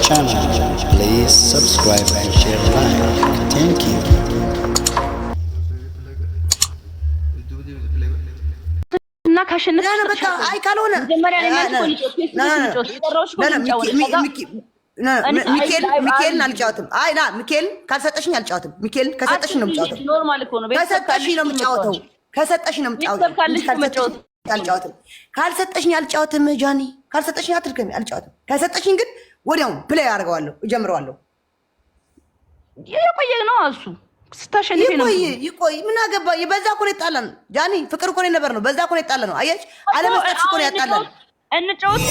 channel. Please subscribe and share like. Thank you. እና ካሸነፍ ካልሆነ መጀመሪያ አልጫወትም። አይ ና ሚካኤልን ካልሰጠሽኝ አልጫወትም። ሚካኤልን ከሰጠሽኝ ነው የምጫወተው። ከሰጠሽኝ ነው የምጫወተው። ከሰጠሽኝ ነው የምጫወተው። አልጫወትም። ካልሰጠሽኝ አልጫወትም። ጃኒ ካልሰጠሽኝ አትድከሚ። አልጫወትም። ከሰጠሽኝ ግን ወዲያውም ፕሌይ አድርገዋለሁ እጀምረዋለሁ። የቆየ ነው እሱ ስታሸንፍ ይቆይ። ምን አገባ? በዛ እኮ ነው የጣላን ጃኒ። ፍቅር እኮ ነው የነበር ነው። በዛ እኮ ነው የጣላን ነው። አየሽ፣ አለመስጠት እኮ ነው ያጣላን። እንጫወት።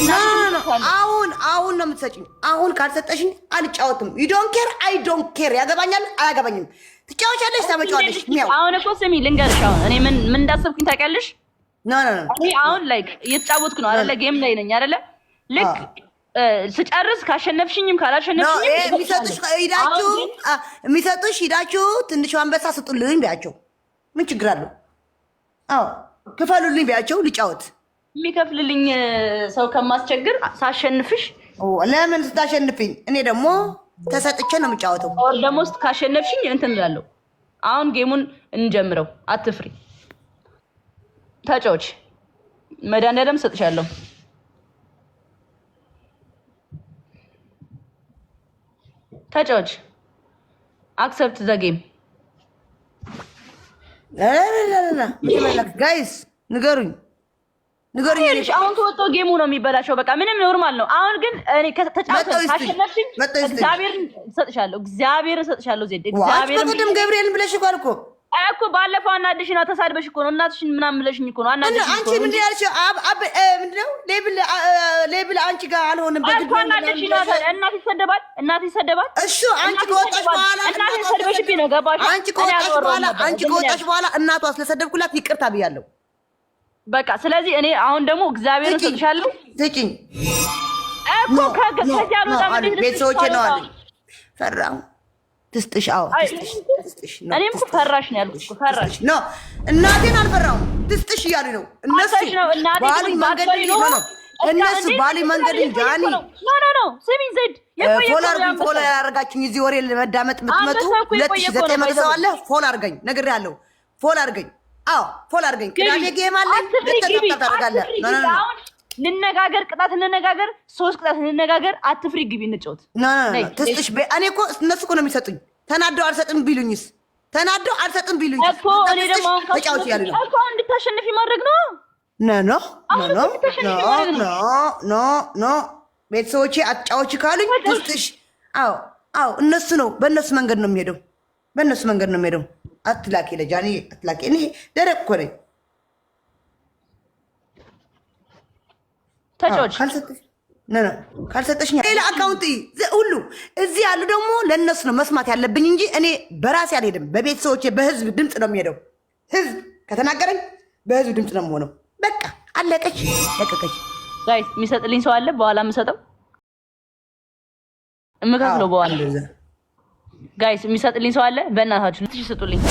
አሁን አሁን ነው የምትሰጪኝ። አሁን ካልሰጠሽኝ አልጫወትም። ዩ ዶንት ኬር አይ ዶንት ኬር። ያገባኛል አያገባኝም። ትጫወቻለሽ፣ ታመጫዋለሽ። ሚያው አሁን እኮ ስሚ ልንገርሽ፣ አሁን እኔ ምን ምን እንዳሰብኩኝ ታውቂያለሽ? ኖ ኖ ኖ። አሁን ላይክ እየተጫወትኩ ነው አይደለ? ጌም ላይ ነኝ አይደለ? ልክ ስጨርስ ካሸነፍሽኝም ካላሸነፍሽኝም የሚሰጡሽ ሂዳችሁ ትንሽ አንበሳ ስጡልኝ ቢያቸው ምን ችግር አለው? አዎ ክፈሉልኝ ቢያቸው ልጫወት። የሚከፍልልኝ ሰው ከማስቸግር ሳሸንፍሽ ለምን ስታሸንፍኝ እኔ ደግሞ ተሰጥቼ ነው የምጫወተው። ደግሞ ውስጥ ካሸነፍሽኝ እንትን እላለሁ። አሁን ጌሙን እንጀምረው፣ አትፍሪ፣ ተጫዎች መድኃኒዓለም ሰጥሻለሁ። ተጫወች። አክሰፕት ዘ ጌም ጋይስ ንገሩኝ ንገሩኝ። አሁን ከወጣ ጌሙ ነው የሚበላሸው። በቃ ምንም ኖርማል ነው። አሁን ግን እኔ ከተጫወተሽ አሸነፍሽኝ፣ እግዚአብሔርን እሰጥሻለሁ። እግዚአብሔር እሰጥሻለሁ። ዜድ እግዚአብሔር ቅድም ገብርኤልን ብለሽ እኮ አልኩህ እኮ ባለፈው ነው ተሳድበሽ እኮ ነው እናትሽን ምናምን ብለሽኝ እኮ ነው። አናድሽ አንቺ ምን ያልሽ አብ አብ ምንድነው ሌብል ሌብል አንቺ ጋር አልሆንም። በግድ ነው አናድሽ ነው እናት ይሰደባል፣ እናት ይሰደባል። እሺ አንቺ ከወጣሽ በኋላ እናት ይሰደብሽብኝ ነው ገባሽ? አንቺ ከወጣሽ በኋላ አንቺ ከወጣሽ በኋላ እናቷ ስለሰደብኩላት ይቅርታ ብያለሁ። በቃ ስለዚህ እኔ አሁን ደግሞ እግዚአብሔርን ሰጥሻለሁ። ትጭኝ እኮ ከዚያ ነው ቤተሰቦቼ ነው አለኝ ፈራሁ ትስጥሽ። አዎ እኔም እኮ ፈራሽ ነው ያልኩት። ፈራሽ ነው። እናቴን አልፈራሁም። ትስጥሽ እያሉ ነው እነሱ። ባሊ መንገድ ነው እነሱ ባሊ መንገድ ጃኒ ኖ ኖ ኖ ስሚ ዘድ ፎል አርጉኝ። ፎል ያደርጋችሁኝ እዚህ ወሬ ለመዳመጥ የምትመጡ ሁለት ሺህ ዘጠኝ መግዛው አለ። ፎል አርገኝ ነግሬያለሁ። ፎል አርገኝ። አዎ ፎል አርገኝ። ቅዳሜ ጌም አለ። ለተጠጣ ታደርጋለህ። ኖ ኖ ኖ ልነጋገር ቅጣት እንነጋገር፣ ሶስት ቅጣት እንነጋገር። አትፍሪ፣ ግቢ እንጫወት። ትስጥሽ። እኔ እኮ እነሱ እኮ ነው የሚሰጡኝ። ተናደው አልሰጥም ቢሉኝስ? ተናደው አልሰጥም ቢሉኝ እኮ እኔ ደግሞ ተጫወት ያሉ ነው እኮ እንድታሸንፊ ማድረግ ነው። ኖ ኖ ኖ ኖ ኖ ቤተሰቦቼ አጫዎች ካሉኝ ትስጥሽ። አዎ አዎ፣ እነሱ ነው በእነሱ መንገድ ነው የሚሄደው። በእነሱ መንገድ ነው የሚሄደው። አትላኪ ለጃኒ አትላኪ። እኔ ደረቅ እኮ ነኝ። ተጫዎች ካልሰጠሽኝ ሌላ አካውንት ሁሉ እዚህ ያሉ ደግሞ ለእነሱ ነው መስማት ያለብኝ እንጂ እኔ በራሴ አልሄድም። በቤተሰቦች በህዝብ ድምፅ ነው የሚሄደው። ህዝብ ከተናገረኝ በህዝብ ድምፅ ነው የምሆነው። በቃ አለቀች፣ ለቀቀች። ጋይስ የሚሰጥልኝ ሰው አለ። በኋላ የምሰጠው የምከፍለው በኋላ ጋይስ የሚሰጥልኝ ሰው አለ። በእናታችሁ ስጡልኝ።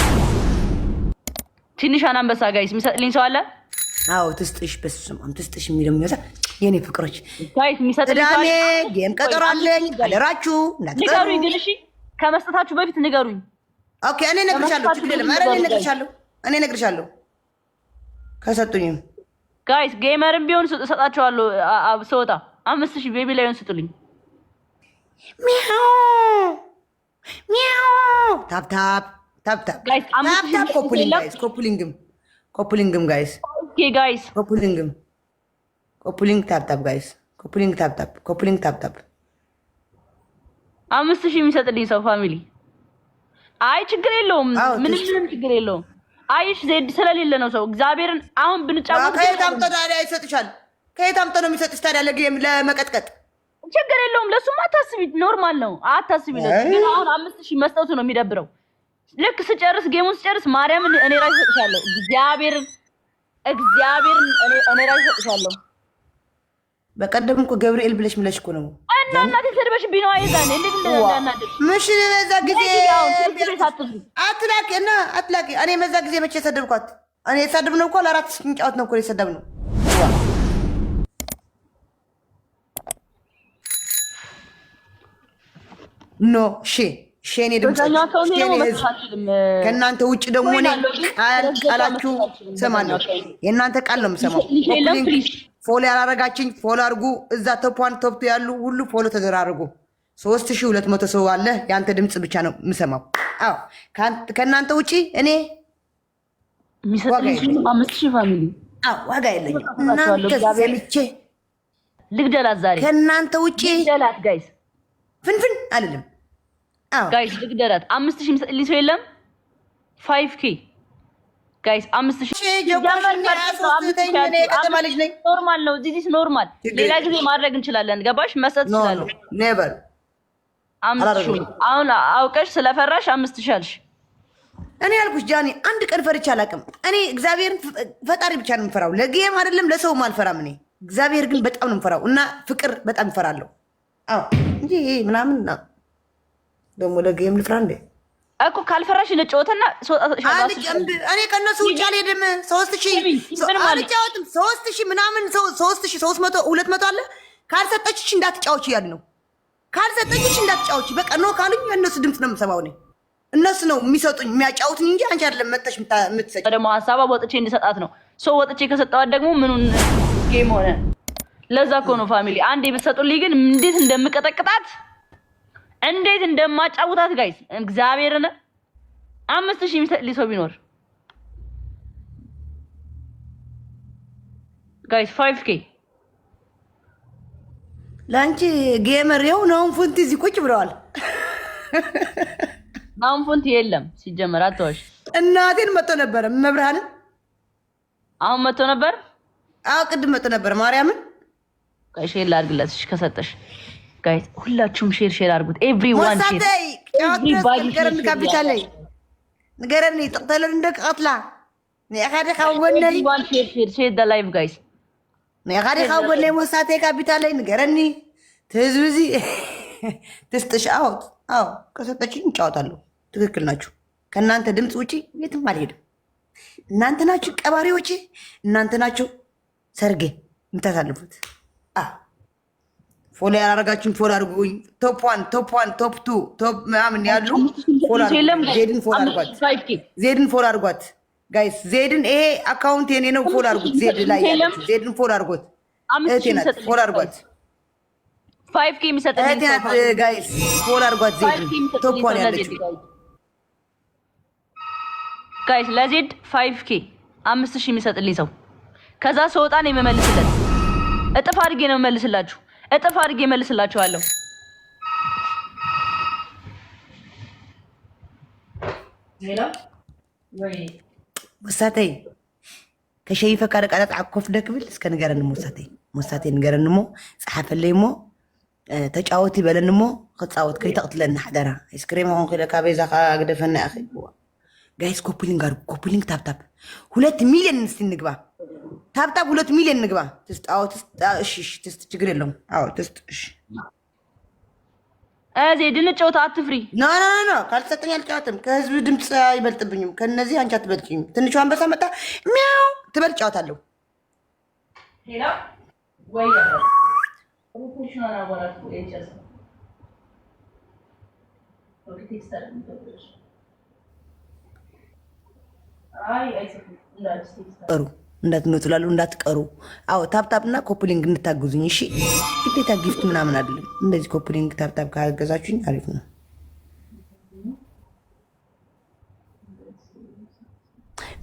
ትንሿን አንበሳ ጋይስ የሚሰጥልኝ ሰው አለ። አዎ ትስጥሽ፣ በስማም ትስጥሽ የሚለው የሚወዛ የኔ ፍቅሮች ቅዳሜ ጌም ቀጠሮ አለኝ። አደራችሁ ንገሩኝ፣ ግን እሺ፣ ከመስጠታችሁ በፊት ንገሩኝ። ኦኬ፣ እኔ እነግርሻለሁ። ችግር የለም። ኧረ እኔ እነግርሻለሁ፣ እኔ እነግርሻለሁ። ከሰጡኝም ጋይስ ጌመርም ቢሆን እሰጣቸዋለሁ። ስወጣ አምስት ሺህ ቤቢ ላይሆን ስጡልኝ። ሚያው ሚያው ታፕ ታፕ ታፕ ታፕ ኮፕሊንግም ኮፕሊንግም ጋይስ ኦኬ ጋይስ ኮፕሊንግም ኮፕሊንግ ታፕታፕ ጋይስ ኮፕሊንግ ታፕታፕ ኮፕሊንግ ታፕታፕ አምስት ሺህ የሚሰጥልኝ ሰው ፋሚሊ አይ ችግር የለውም ምንም ችግር የለውም። አይሽ ዜድ ስለሌለ ነው ሰው እግዚአብሔርን አሁን ብንጫወት ከየት አምጥቶ ታዲያ ይሰጥሻል? ከየት አምጥቶ ነው የሚሰጥሽ ታዲያ ለመቀጥቀጥ? ችግር የለውም ለሱም አታስቢ፣ ኖርማል ነው አታስቢ። ግን አሁን አምስት ሺህ መስጠቱ ነው የሚደብረው። ልክ ስጨርስ ጌሙን ስጨርስ ማርያምን እኔ ራሴ እሰጥሻለሁ እግዚአብሔርን እግዚአብሔር እኔ ላይ ሰጥሻለሁ። በቀደም እኮ ገብርኤል ብለሽ ምለሽ እኮ ነው እናቴ ሰድበሽ ምሽን በዛ ጊዜ አትላቂ እና አትላቂ እኔ ጊዜ መቼ ሰደብኳት? እኔ ነው እኮ ለአራት ስንጫወት ነው እኮ የሰደብ ነው። ኖ ሸኔ ከእናንተ ውጭ ደግሞ እኔ ቃላችሁ ሰማለሁ። የእናንተ ቃል ነው የምሰማው። ፎሎ ያላረጋችኝ ፎሎ አድርጉ። እዛ ተፖን ተብቶ ያሉ ሁሉ ፎሎ ተደራርጉ። ሶስት ሺህ ሁለት መቶ ሰው አለ። የአንተ ድምፅ ብቻ ነው የምሰማው። አዎ ከእናንተ ውጭ እኔ ዋጋ የለኝም። እናንተ ዘምቼ ልግደላት ዛሬ ከእናንተ ውጪ ፍንፍን አልልም። ጋይስ ልግደላት። አምስት ሺህ የሚሰጥልኝ ሰው የለም። ፋይቭ ኬ ጋይስ አምስት ኖርማል ነው። ዚስ ኖርማል ሌላ ጊዜ ማድረግ እንችላለን። ገባሽ መስጠት ይችላለን። አሁን አውቀሽ ስለፈራሽ አምስት ሺህ አልሽ። እኔ ያልኩሽ ጃኒ አንድ ቀን ፈርቼ አላውቅም። እኔ እግዚአብሔርን ፈጣሪ ብቻ ነው የምፈራው። ለጌም አይደለም ለሰውም አልፈራም። እኔ እግዚአብሔር ግን በጣም ነው የምፈራው እና ፍቅር በጣም እፈራለሁ እንጂ ምናምን ደግሞ ለጌም ልፍራ እንዴ እኮ ካልፈራሽ እንጫወትና እኔ ከነሱ ውጭ አልሄድም። ሶስት ሺህ አልጫወትም። ሶስት ሺ ምናምን ሶስት ሺ ሶስት መቶ ሁለት መቶ አለ ካልሰጠችሽ እንዳትጫወች እያል ነው። ካልሰጠችሽ እንዳትጫወች በቃ ኖ ካሉኝ የእነሱ ድምፅ ነው የምሰማው እኔ እነሱ ነው የሚሰጡኝ የሚያጫውትኝ እንጂ አንቺ አይደለም መጥተሽ የምትሰጪው። ደግሞ ሀሳባ ወጥቼ እንድሰጣት ነው። ሰው ወጥቼ ከሰጠዋት ደግሞ ምኑን ጌም ሆነ። ለዛ እኮ ነው ፋሚሊ አንድ የምትሰጡልኝ ግን እንዴት እንደምቀጠቅጣት እንዴት እንደማጫውታት ጋይስ እግዚአብሔርን አምስት ሺህ የሚሰጥልኝ ሰው ቢኖር ጋይስ ፋይቭ ኬ ለአንቺ ጌመር የው ናሁን ፉንቲ እዚህ ቁጭ ብለዋል። ናሁን ፉንቲ የለም ሲጀመር አትዋሽ። እናቴን መጥቶ ነበረ። መብርሃንን አሁን መጥቶ ነበር። አዎ ቅድም መጥቶ ነበር። ማርያምን ቀሽ ላ ከሰጠሽ ጋይስ ሁላችሁም ሼር ሼር አድርጉት። ኤቭሪዋን ሼር ንገረኒ ካብ ጎነይ ሼር ሼር ላይቭ ጋይስ ካብ ጎነይ ንገረኒ ትህዝብ እዚ ትስጥሽ አዎ ትክክል ናችሁ። ከእናንተ ድምፅ ውጪ የትም አልሄድም። እናንተ ናችሁ ቀባሪዎቼ፣ እናንተ ናችሁ ሰርጌ የምታሳልፉት። ፎሎ ያላረጋችሁን ፎሎ አድርጉኝ። ቶፕ ዋን ቶፕ ዋን ቶፕ ቱ ቶፕ ምናምን ያሉ ዜድን ፎሎ አድርጓት። ዜድን ፎሎ አድርጓት ጋይስ። ዜድን ይሄ አካውንት የኔ ነው፣ ፎሎ አድርጉት። ዜድ ላይ ዜድን ፎሎ አድርጎት። እህቴ ናት፣ ፎሎ አድርጓት። እህቴ ናት ጋይስ፣ ፎሎ አድርጓት። ዜድን ቶፕ ዋን ያለች ጋይስ፣ ለዜድ ፋይቭ ኬ አምስት ሺህ የሚሰጥልኝ ሰው ከዛ ሰውጣን ነው የምመልስለት። እጥፍ አድርጌ ነው የምመልስላችሁ። እጥፍ አድርጌ መልስላችኋለሁ። ሙሳተይ ከሸይፈ ካደቃጣት ዓኮፍ ደክብል እስከ ንገረኒ ሙሳተይ ሙሳተይ ንገረኒ ሞ ፀሓፈለይ ሞ ተጫወት ይበለኒ ሞ ክፃወት ከይተቕትለኒ ሓደራ አይስክሪም ኹን ክእለ ካበዛ ከዓ ግደፈና ኢኸ ጋይስ ኮፕሊንግ ጋር ኮፕሊንግ ታብታብ ሁለት ሚሊዮን ንስቲ ንግባ ታብታብ ሁለት ሚሊዮን ንግባ። ትስጥ ችግር የለውም። አዎ፣ ትስጥ እሺ። እዚህ አትፍሪ። ኖ ኖ ኖ፣ ካልተሰጠኝ አልጫወትም። ከህዝብ ድምፅ አይበልጥብኝም። ከነዚህ አንቺ አትበልጭኝም። ትንሹ አንበሳ መጣ ሚያው ትበል ጫወታለሁ። ጥሩ እንዳትኖ ትላሉ እንዳትቀሩ። አዎ ታፕታፕና ኮፕሊንግ እንድታግዙኝ እሺ። ግዴታ ጊፍት ምናምን አይደለም። እንደዚህ ኮፕሊንግ ታፕታፕ ካገዛችሁኝ አሪፍ ነው።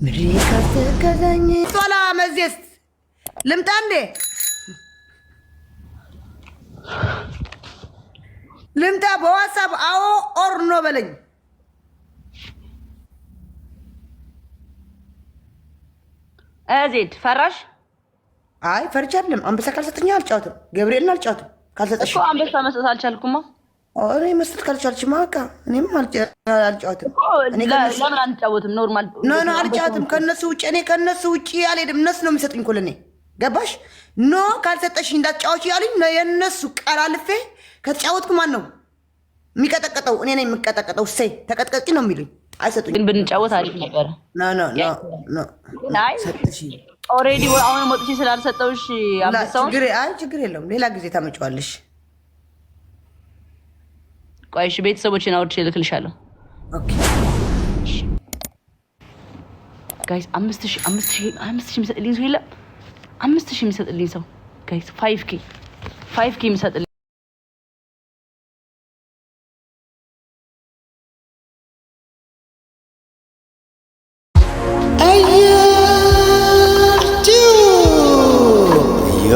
ምሪ ካስተከዛኝ ጦላ መዝስ ልምጣ እንዴ ልምጣ። በዋትሳፕ አዎ ኦር ኖ በለኝ። ዜድ ፈራሽ? አይ ፈርቻ አይደለም። አንበሳ ካልሰጠኝ አልጫወትም። ገብርኤልን አልጫወትም ካልሰጠሽ አንበሳ መስጠት አልቻልኩማ። እኔ መስጠት ካልቻልሽማ በቃ እኔም አልጫወትም። ለምን አንጫወትም? ኖርማል ኖ ኖ አልጫወትም። ከእነሱ ውጭ እኔ ከእነሱ ውጭ አልሄድም። እነሱ ነው የሚሰጡኝ እኮ ለእኔ ገባሽ? ኖ ካልሰጠሽ እንዳትጫወች ያሉኝ የእነሱ ቀላልፌ ከተጫወትኩ ማን ነው የሚቀጠቀጠው? እኔ ነኝ የምቀጠቀጠው። እሰይ ተቀጥቀጭ ነው የሚሉኝ አይሰጡኝ ግን ብንጫወት አሪፍ ነበረ። ኦልሬዲ አሁን ወጥቼ ስላልሰጠውሽ አብሳውን ችግር የለውም። ሌላ ጊዜ ታመጪዋለሽ። ቆይሽ ቤተሰቦችን አውርቼ እልክልሻለሁ። ጋይስ አምስት ሺህ የሚሰጥልኝ ሰው የለም። አምስት ሺህ የሚሰጥልኝ ሰው ጋይስ ፋይቭ ኬ ፋይቭ ኬ የሚሰጥልኝ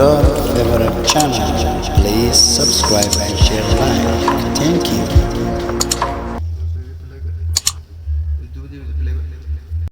your favorite channel. Please subscribe and share like. Thank you.